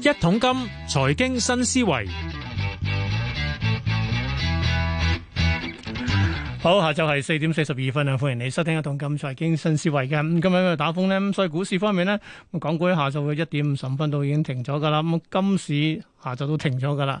一桶金財經新思維，好，下晝係四點四十二分啊。歡迎你收聽一桶金財經新思維嘅。咁今日打風咧，咁所以股市方面咧，港股喺下晝嘅一點五十五分都已經停咗噶啦。咁金市下晝都停咗噶啦。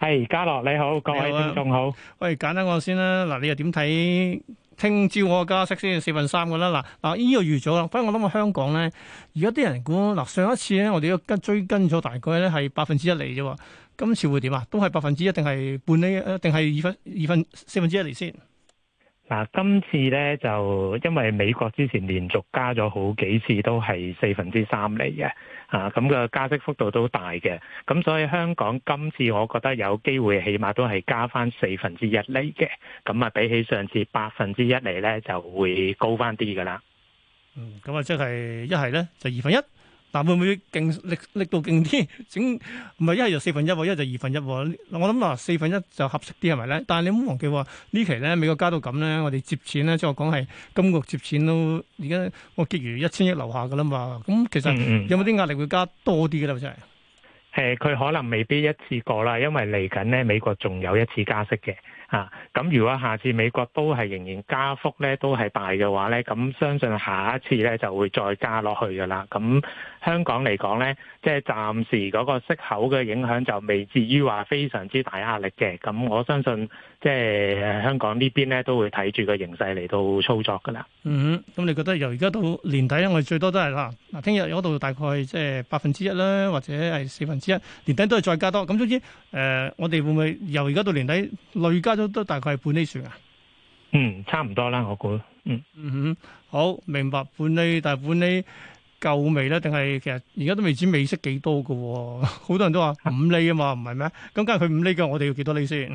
係，嘉樂你好，各位觀眾好。好喂，喂，簡單我先啦，嗱，你又點睇聽朝我加息先四分三嘅啦？嗱，嗱，呢個預咗啦。反正我諗啊，香港咧，而家啲人估嗱，上一次咧，我哋跟追跟咗大概咧係百分之一厘啫。今次會點啊？都係百分、分、分之一定係半厘，誒，定係二分二分四分之一厘先？嗱，今次咧就因為美國之前連續加咗好幾次都係四分之三釐嘅，啊咁個加息幅度都大嘅，咁所以香港今次我覺得有機會起碼都係加翻四分之一釐嘅，咁啊比起上次八分之一釐咧就會高翻啲噶啦。嗯，咁啊即係一係咧就二分一。嗱，但會唔會勁力力度勁啲？整唔係一係就四分一，一係就二分一，我諗啊，四分一就合適啲係咪咧？但係你唔好忘記喎，呢期咧美國加到咁咧，我哋接錢咧，即我講係金局接錢都而家我結餘一千億樓下噶啦嘛。咁其實有冇啲壓力會加多啲咧？真係誒，佢可能未必一次過啦，因為嚟緊咧美國仲有一次加息嘅。啊，咁如果下次美國都係仍然加幅咧，都係大嘅話咧，咁相信下一次咧就會再加落去㗎喇。咁香港嚟講咧，即係暫時嗰個息口嘅影響就未至於話非常之大壓力嘅。咁我相信即係香港呢邊咧都會睇住個形勢嚟到操作㗎喇。嗯，咁你覺得由而家到年底咧，因為最多都係啦。嗱，聽日嗰度大概即係百分之一啦，或者係四分之一，年底都係再加多。咁總之，誒，我哋會唔會由而家到年底累加？都都大概係半厘算啊？嗯，差唔多啦，我估。嗯嗯哼，好明白。半厘。但係半厘夠味啦，定係其實而家都未知美息幾多嘅？好多人都話五厘啊嘛，唔係咩？咁梗係佢五厘嘅，我哋要幾多厘先？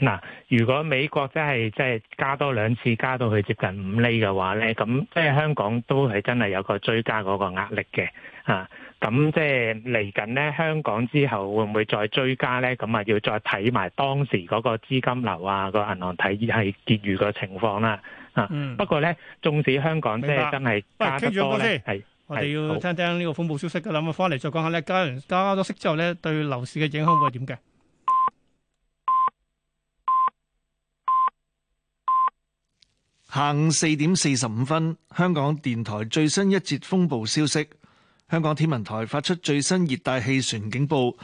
嗱，如果美國真係即係加多兩次，加到佢接近五厘嘅話咧，咁即係香港都係真係有個追加嗰個壓力嘅啊。咁即係嚟緊呢，香港之後會唔會再追加呢？咁啊，要再睇埋當時嗰個資金流啊，個銀行體系結餘嘅情況啦。啊，嗯、不過呢，縱使香港即係真係加得多，係、哎、我哋要聽聽呢個風暴消息噶啦。咁啊，翻嚟再講下呢，加完加多息之後呢，對樓市嘅影響會係點嘅？下午四點四十五分，香港電台最新一節風暴消息。香港天文台發出最新熱帶氣旋警報，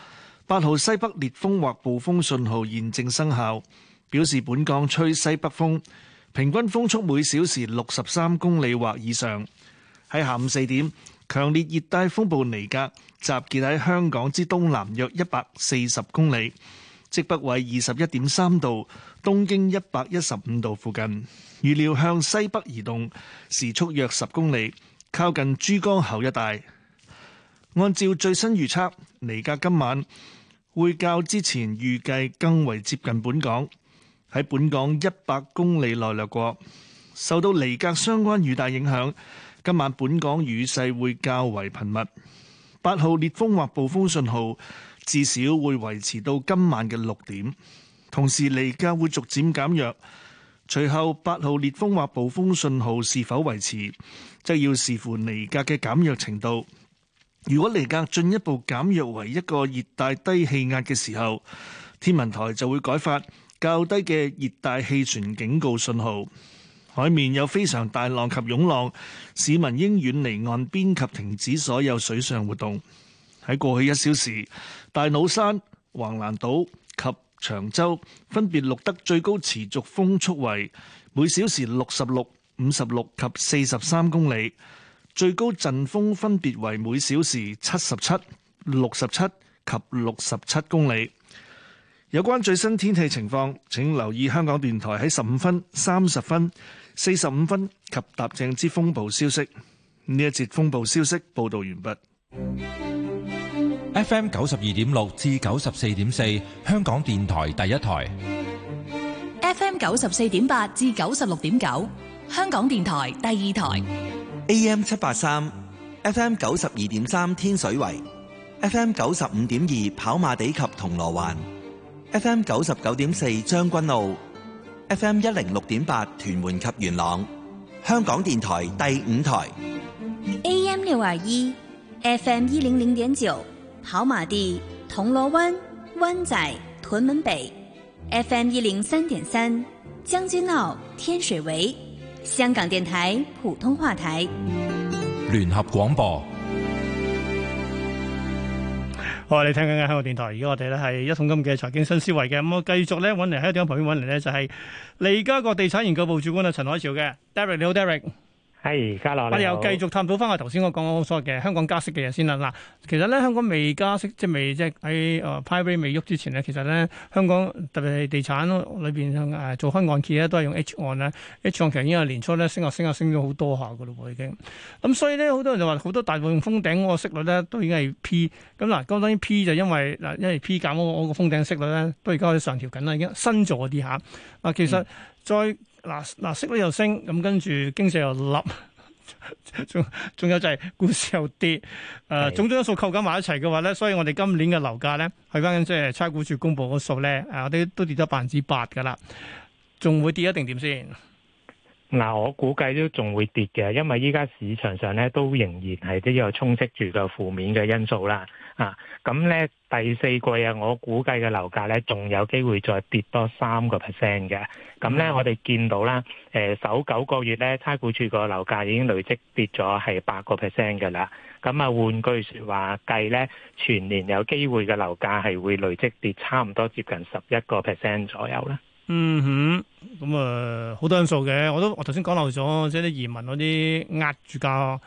八號西北烈風或暴風信號現正生效，表示本港吹西北風，平均風速每小時六十三公里或以上。喺下午四點，強烈熱帶風暴尼格集結喺香港之東南約一百四十公里，即北緯二十一點三度、東經一百一十五度附近。預料向西北移動，時速約十公里，靠近珠江口一帶。按照最新預測，尼格今晚會較之前預計更為接近本港，喺本港一百公里內掠過。受到尼格相關雨帶影響，今晚本港雨勢會較為頻密。八號烈風或暴風信號至少會維持到今晚嘅六點，同時尼格會逐漸減弱。隨後八號烈風或暴風信號是否維持，則要視乎尼格嘅減弱程度。如果尼格進一步減弱為一個熱帶低氣壓嘅時候，天文台就會改發較低嘅熱帶氣旋警告信號。海面有非常大浪及湧浪，市民應遠離岸邊及停止所有水上活動。喺過去一小時，大老山、橫瀾島及長洲分別錄得最高持續風速為每小時六十六、五十六及四十三公里。最高陣風分別為每小時七十七、六十七及六十七公里。有關最新天氣情況，請留意香港電台喺十五分、三十分、四十五分及搭正之風暴消息。呢一節風暴消息報導完畢。 FM 九十二點六至九十四點四，香港電台第一台。 FM 九十四點八至九十六點九，香港電台第二台。AM 七八三，FM 九十二點三天水圍，FM 九十五點二跑馬地及銅鑼灣，FM 九十九點四將軍澳，FM 一零六點八屯門及元朗，香港電台第五台，AM 六二一，FM 一零零點九跑馬地、銅鑼灣、灣仔、屯門北，FM 一零三點三將軍澳、天水圍。.香港電台普通話台聯廣，聯合廣播，我哋好 baik, 聽緊嘅香港電台。而家我哋咧係一桶金嘅財經新思維嘅。咁我繼續咧揾嚟喺啲朋旁邊揾嚟咧就係利嘉閣地產研究部主管啊陳海潮嘅 Derek，你好 Derek。係，而家落嚟。我哋又繼續探討翻我頭先我講所謂嘅香港加息嘅嘢先啦。嗱，其實咧香港未加息，即係未即係喺誒派息未喐之前咧，其實咧香港特別係地產裏邊向做香港按揭咧，都係用 H 按啦。On, H 按其實已經係年初咧升啊升啊升咗好多下噶啦喎已經。咁所以咧，好多人就話好多大部分封頂嗰個息率咧，都已經係 P 咁嗱。咁當然 P 就因為嗱，因為 P 減嗰、那個封頂息率咧，都而家可以上調緊啦，已經新咗啲嚇。嗱，其實再。Mm hmm. 嗱，嗱息率又升，咁跟住經濟又笠，仲 仲有就係股市又跌，誒、呃，的種種因素扣緊埋一齊嘅話咧，所以我哋今年嘅樓價咧，睇翻即係差估署公佈嗰數咧、啊，我哋都跌咗百分之八噶啦，仲會跌一定點,點先？嗱、啊嗯，我估計都仲會跌嘅，因為依家市場上咧都仍然係都有充斥住個負面嘅因素啦。啊，咁咧第四季啊，我估計嘅樓價咧仲有機會再跌多三個 percent 嘅。咁咧、嗯嗯、我哋見到啦，誒、呃、首九個月咧，差估署個樓價已經累積跌咗係八個 percent 嘅啦。咁啊、嗯、換句説話計咧，全年有機會嘅樓價係會累積跌差唔多接近十一個 percent 左右咧。嗯哼，咁啊好多因素嘅，我都我頭先講漏咗，即係啲移民嗰啲壓住價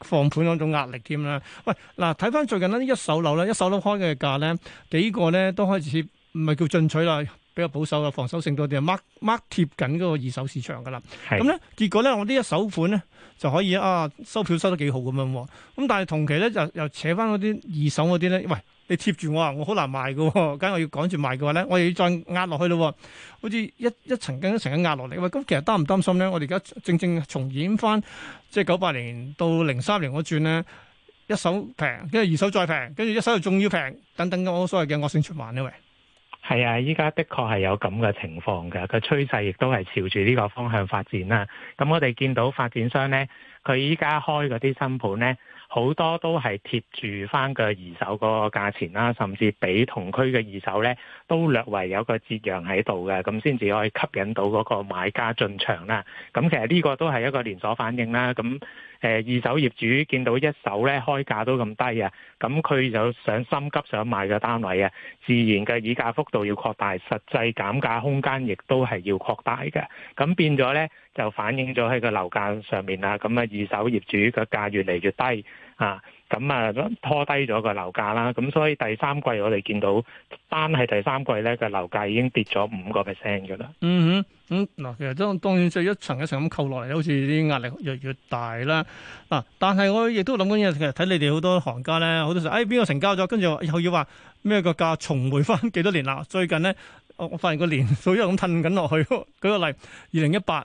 放盤嗰種壓力添啦。喂，嗱睇翻最近呢一手樓咧，一手樓開嘅價咧，幾個咧都開始唔係叫進取啦，比較保守嘅防守性多啲，mark mark 貼緊嗰個二手市場噶啦。咁咧是、嗯、結果咧，我呢一手款咧就可以啊收票收得幾好咁樣，咁、嗯、但係同期咧就又，又扯翻嗰啲二手嗰啲咧，喂。你貼住我啊！我好難賣嘅，梗係我要趕住賣嘅話咧，我又要再壓落去咯，好似一一層更一層嘅壓落嚟。喂，咁其實擔唔擔心咧？我哋而家正正重演翻，即係九八年到零三年嗰轉咧，一手平，跟住二手再平，跟住一手又仲要平，等等咁，我所謂嘅惡性循環喂，係啊，依家的確係有咁嘅情況嘅，個趨勢亦都係朝住呢個方向發展啦。咁我哋見到發展商咧，佢依家開嗰啲新盤咧。好多都係貼住翻個二手嗰個價錢啦，甚至比同區嘅二手呢都略為有個折讓喺度嘅，咁先至可以吸引到嗰個買家進場啦。咁其實呢個都係一個連鎖反應啦。咁，誒二手業主見到一手呢開價都咁低啊，咁佢就想心急想賣嘅單位啊，自然嘅議價幅度要擴大，實際減價空間亦都係要擴大嘅。咁變咗呢，就反映咗喺個樓價上面啦，咁啊二手業主個價越嚟越低啊，咁啊拖低咗個樓價啦，咁、啊、所以第三季我哋見到單係第三季咧個樓價已經跌咗五個 percent 嘅啦。嗯哼，咁、嗯、嗱，其實當當然再一層一層咁扣落嚟好似啲壓力越來越大啦。嗱、啊，但係我亦都諗緊嘢。其實睇你哋好多行家咧，好多時候誒邊個成交咗，跟住又要話咩個價重回翻幾多年啦？最近咧，我我發現個年數一路咁褪緊落去。舉個例，二零一八，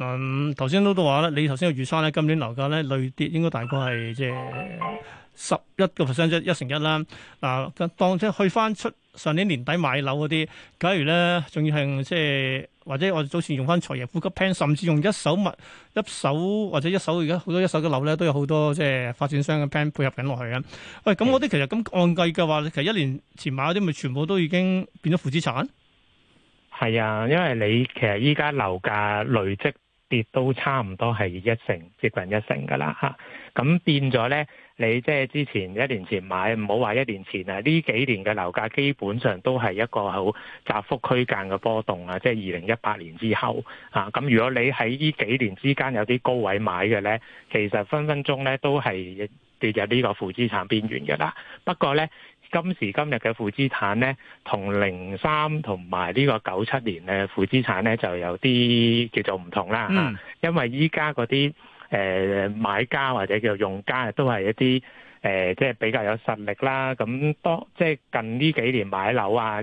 嗯，頭先都都話咧，你頭先個預測咧，今年樓價咧累跌應該大概係即係十一個 percent 一，一成一啦。嗱、呃，當即係去翻出上年年底買樓嗰啲，假如咧仲要係即係或者我哋早前用翻財爺呼吸 plan，甚至用一手物一手，一手或者一手而家好多一手嘅樓咧，都有好多即係、呃、發展商嘅 plan 配合緊落去嘅。喂、哎，咁我啲其實咁按計嘅話，你其實一年前買嗰啲咪全部都已經變咗負資產？係啊，因為你其實依家樓價累積。跌都差唔多係一成，接近一成噶啦嚇。咁變咗呢，你即係之前一年前買，唔好話一年前啊，呢幾年嘅樓價基本上都係一個好窄幅區間嘅波動啊。即係二零一八年之後啊，咁如果你喺呢幾年之間有啲高位買嘅呢，其實分分鐘呢都係跌入呢個負資產邊緣㗎喇。不過呢。今時今日嘅負、負資產咧，同零三同埋呢個九七年嘅負資產咧，就有啲叫做唔同啦嚇。嗯、因為依家嗰啲誒買家或者叫用家都係一啲誒、呃，即係比較有實力啦。咁當即係近呢幾年買樓啊，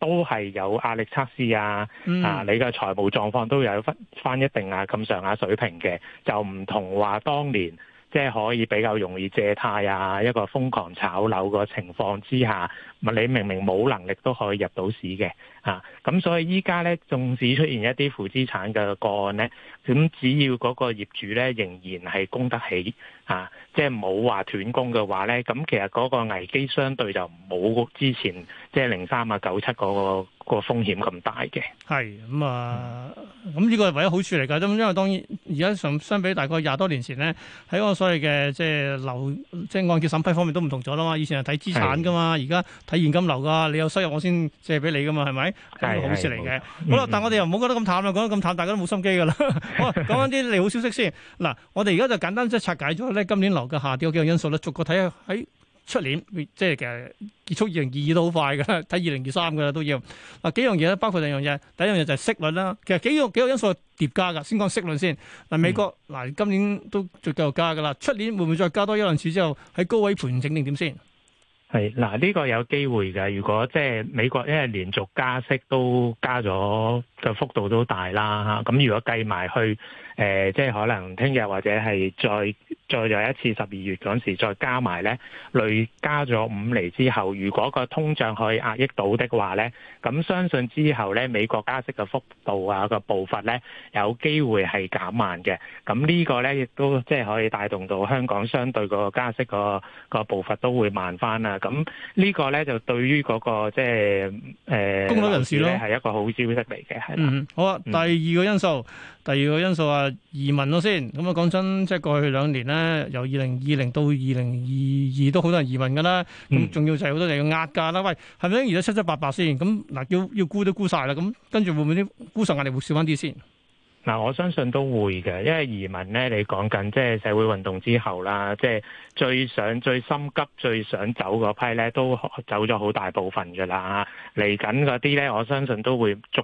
都係有壓力測試啊。嗯、啊，你嘅財務狀況都有翻翻一定啊咁上下水平嘅，就唔同話當年。即係可以比較容易借貸啊，一個瘋狂炒樓個情況之下，你明明冇能力都可以入到市嘅啊。咁所以依家呢，縱使出現一啲負資產嘅個案呢，咁只要嗰個業主呢仍然係供得起啊，即係冇話斷供嘅話呢，咁其實嗰個危機相對就冇之前。即係零三啊九七嗰個個風險咁大嘅，係咁、嗯、啊，咁、嗯、呢、這個係唯一好處嚟噶，咁因為當然而家相相比大概廿多年前咧，喺個所謂嘅即係樓，即係按揭審批方面都唔同咗啦嘛，以前係睇資產噶嘛，而家睇現金流噶，你有收入我先借俾你噶嘛，係咪？係好事嚟嘅，的好啦，但係我哋又唔好覺得咁淡啦，講得咁淡大家都冇心機噶啦， 好講返啲利好消息先。嗱，我哋而家就簡單即係拆解咗咧今年樓嘅下跌有幾個因素咧，逐個睇下喺。哎出年即係其實結束二零二二都好快噶，睇二零二三噶啦都要。嗱幾樣嘢咧，包括兩樣嘢，第一樣嘢就係息率啦。其實幾樣幾個因素疊加噶，先講息率先。嗱，美國嗱、嗯、今年都再繼續加噶啦，出年會唔會再加多一輪次之後喺高位盤整定點先？係嗱，呢、這個有機會嘅。如果即係美國因為連續加息都加咗嘅幅度都大啦，咁如果計埋去誒、呃，即係可能聽日或者係再。再有一次十二月嗰陣時，再加埋咧，累加咗五厘之後，如果個通脹可以壓抑到的話咧，咁相信之後咧，美國加息嘅幅度啊，個步伐咧，有機會係減慢嘅。咁呢個咧，亦都即係可以帶動到香港相對個加息個個步伐都會慢翻啊。咁呢個咧就對於嗰、那個即係誒工薪人士咧係一個好消息嚟嘅，係啦、嗯。好啊。第二，嗯、第二個因素，第二個因素啊，移民咯先。咁啊，講真，即係過去兩年咧。由二零二零到二零二二都好多人移民噶啦，咁仲、嗯、要就係好多人要壓價啦。喂，係咪移得七七八八先？咁嗱，要要估都估晒啦。咁跟住會唔會啲沽售壓力會少翻啲先？嗱、嗯，我相信都會嘅，因為移民咧，你講緊即係社會運動之後啦，即係最想、最心急、最想走嗰批咧，都走咗好大部分噶啦。嚟緊嗰啲咧，我相信都會逐。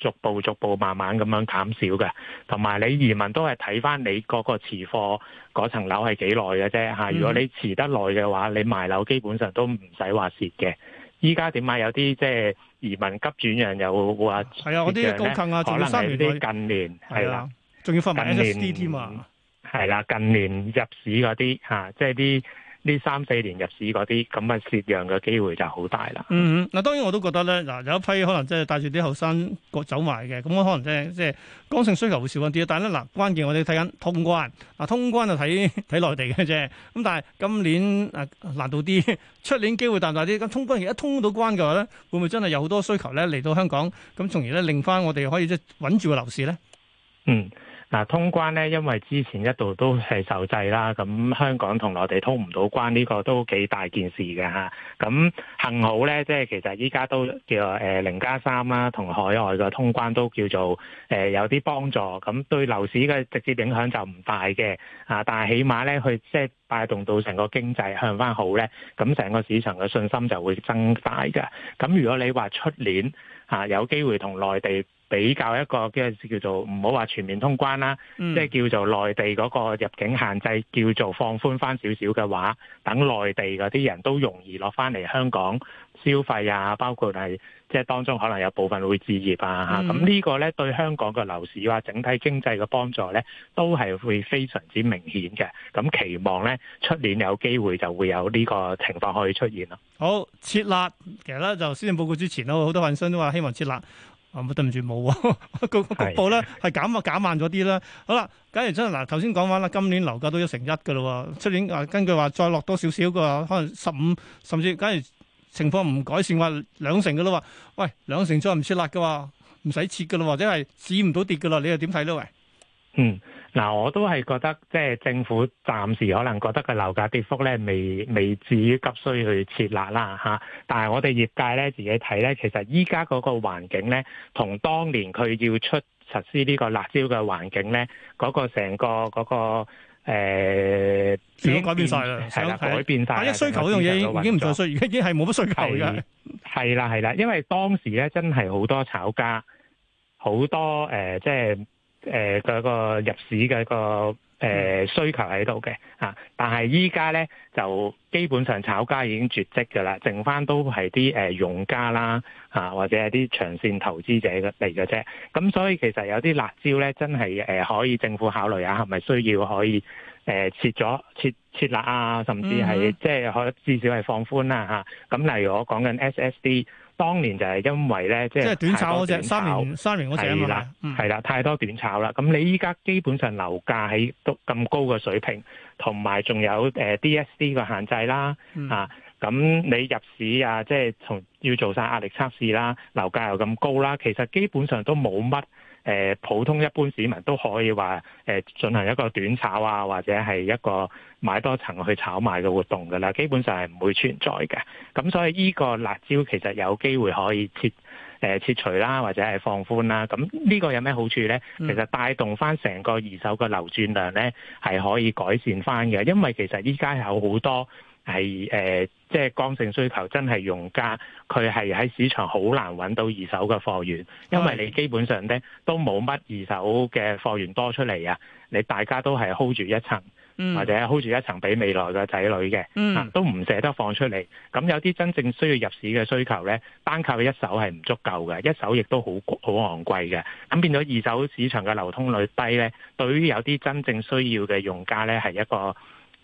逐步逐步慢慢咁樣減少嘅，同埋你移民都係睇翻你嗰個持貨嗰層樓係幾耐嘅啫嚇。嗯、如果你持得耐嘅話，你賣樓基本上都唔使話蝕嘅。依家點解有啲即係移民急轉讓又話係啊？嗰啲高坑啊，只能生於近年係啦，仲要發埋 SSD 添啊，係啦、啊，近年入市嗰啲嚇，即係啲。呢三四年入市嗰啲咁嘅蝕讓嘅機會就好大啦。嗯嗯，嗱當然我都覺得咧，嗱有一批可能即係帶住啲後生個走埋嘅，咁我可能即係即係剛性需求會少翻啲。但係咧嗱，關鍵我哋睇緊通關，嗱通關就睇睇內地嘅啫。咁但係今年誒難度啲，出年機會大唔大啲？咁通關而一通到關嘅話咧，會唔會真係有好多需求咧嚟到香港？咁從而咧令翻我哋可以即係穩住個樓市咧？嗯。嗱，通關咧，因為之前一度都係受制啦，咁香港同內地通唔到關，呢個都幾大件事嘅嚇。咁幸好咧，即係其實依家都叫做零加三啦，同海外嘅通關都叫做誒、呃、有啲幫助。咁對樓市嘅直接影響就唔大嘅嚇，但係起碼咧，佢即係帶動到成個經濟向翻好咧，咁成個市場嘅信心就會增大嘅。咁如果你話出年嚇、啊、有機會同內地，比較一個即叫做唔好話全面通關啦，嗯、即係叫做內地嗰個入境限制叫做放寬翻少少嘅話，等內地嗰啲人都容易落翻嚟香港消費啊，包括係即係當中可能有部分會置業啊，嚇，咁呢個呢，對香港嘅樓市啊、整體經濟嘅幫助呢，都係會非常之明顯嘅。咁期望呢，出年有機會就會有呢個情況可以出現咯。好，撤辣其實呢，就施政報告之前咧，好多粉絲都話希望撤辣。啊，咪對唔住冇喎，個局、哦、 部咧係減啊減慢咗啲啦。好啦，假如真係嗱，頭先講話啦，今年樓價都一成一嘅咯喎，出年啊根據話再落多少少嘅話，可能十五甚至假如情況唔改善話兩成嘅咯喎，喂兩成再唔出立嘅話，唔使切嘅啦，或者係止唔到跌嘅啦，你又點睇咧？喂，嗯。嗱、啊，我都係覺得，即係政府暫時可能覺得個樓價跌幅咧，未未至於急需去撤辣啦嚇。但係我哋業界咧自己睇咧，其實依家嗰個環境咧，同當年佢要出實施呢個辣招嘅環境咧，嗰、嗰個成個嗰個誒已經改變晒啦，係啦，改變晒啦看。第一需求嗰樣嘢已經唔再需，而家已經係冇乜需求嘅。係啦係啦，因為當時咧真係好多炒家，好多誒即係。呃呃呃呃誒、呃、個入市嘅個誒、呃、需求喺度嘅嚇，但係依家咧就基本上炒家已經絕跡嘅啦，剩翻都係啲誒用家啦嚇、啊，或者係啲長線投資者嘅嚟嘅啫。咁所以其實有啲辣椒咧，真係誒、呃、可以政府考慮下，係咪需要可以誒切咗切切辣啊，甚至係、mm hmm. 即係可至少係放寬啦、啊、嚇。咁、啊、例如我講緊 SSD。當年就係因為咧，即係太多短炒，三年，係啦，係啦，太多短炒啦。咁你依家基本上樓價喺都咁高嘅水平，同埋仲有誒 DSD 嘅限制啦，嚇、嗯。咁、啊、你入市啊，即係同要做晒壓力測試啦，樓價又咁高啦，其實基本上都冇乜。誒普通一般市民都可以話誒、呃、進行一個短炒啊，或者係一個買多層去炒賣嘅活動噶啦，基本上係唔會存在嘅。咁所以呢個辣椒其實有機會可以切誒切、呃、除啦，或者係放寬啦。咁呢個有咩好處呢？其實帶動翻成個二手嘅流轉量呢，係可以改善翻嘅。因為其實依家有好多。係誒，即係剛性需求，真係用家，佢係喺市場好難揾到二手嘅貨源，因為你基本上咧都冇乜二手嘅貨源多出嚟啊！你大家都係 hold 住一層，或者 hold 住一層俾未來嘅仔女嘅，啊，都唔捨得放出嚟，咁有啲真正需要入市嘅需求呢，單靠一手係唔足夠嘅，一手亦都好好昂貴嘅。咁變咗二手市場嘅流通率低呢，對於有啲真正需要嘅用家呢，係一個。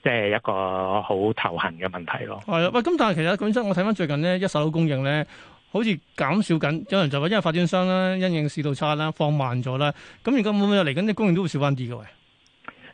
即係一個好頭痕嘅問題咯。係啦，喂， 咁但係其實本身我睇翻最近呢一手供應咧，好似減少緊。有人就話因為發展商啦，因應市道差啦放慢咗啦，咁而家會唔會嚟緊啲供應都會少翻啲嘅？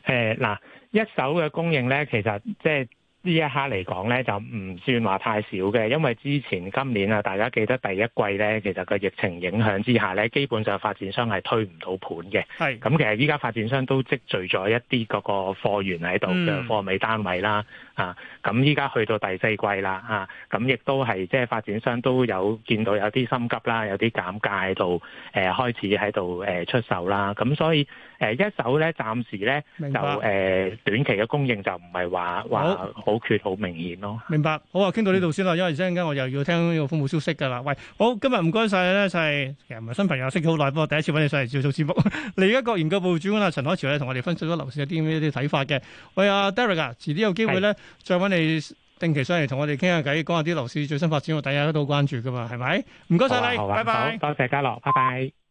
誒嗱， 一手嘅供應咧，其實即係。呢一刻嚟講呢，就唔算話太少嘅，因為之前今年啊，大家記得第一季呢，其實個疫情影響之下呢，基本上發展商係推唔到盤嘅。係是。咁其實依家發展商都積聚咗一啲嗰個貨源喺度嘅貨尾單位啦，啊，咁依家去到第四季啦，啊，咁、啊、亦都係即係發展商都有見到有啲心急啦，有啲減價喺度，誒、呃、開始喺度誒出售啦。咁、啊、所以誒一手呢，暫時呢，就誒、呃、短期嘅供應就唔係話話好缺好明顯咯，明白好啊，傾到呢度先啦，因為一陣間我又要聽呢個風土消息噶啦。喂，好，今日唔該晒咧，就係其實唔係新朋友識咗好耐，不過第一次搵你上嚟做做節目。 利嘉閣研究部主管阿陳海潮咧，同我哋分析咗樓市一啲咁啲睇法嘅。喂啊，Derek 啊，遲啲有機會咧，是再搵你定期上嚟同我哋傾下偈，講下啲樓市最新發展，我睇下都好關注噶嘛，係咪？唔該晒，謝謝你，拜拜，啊 bye，多謝家樂，拜拜。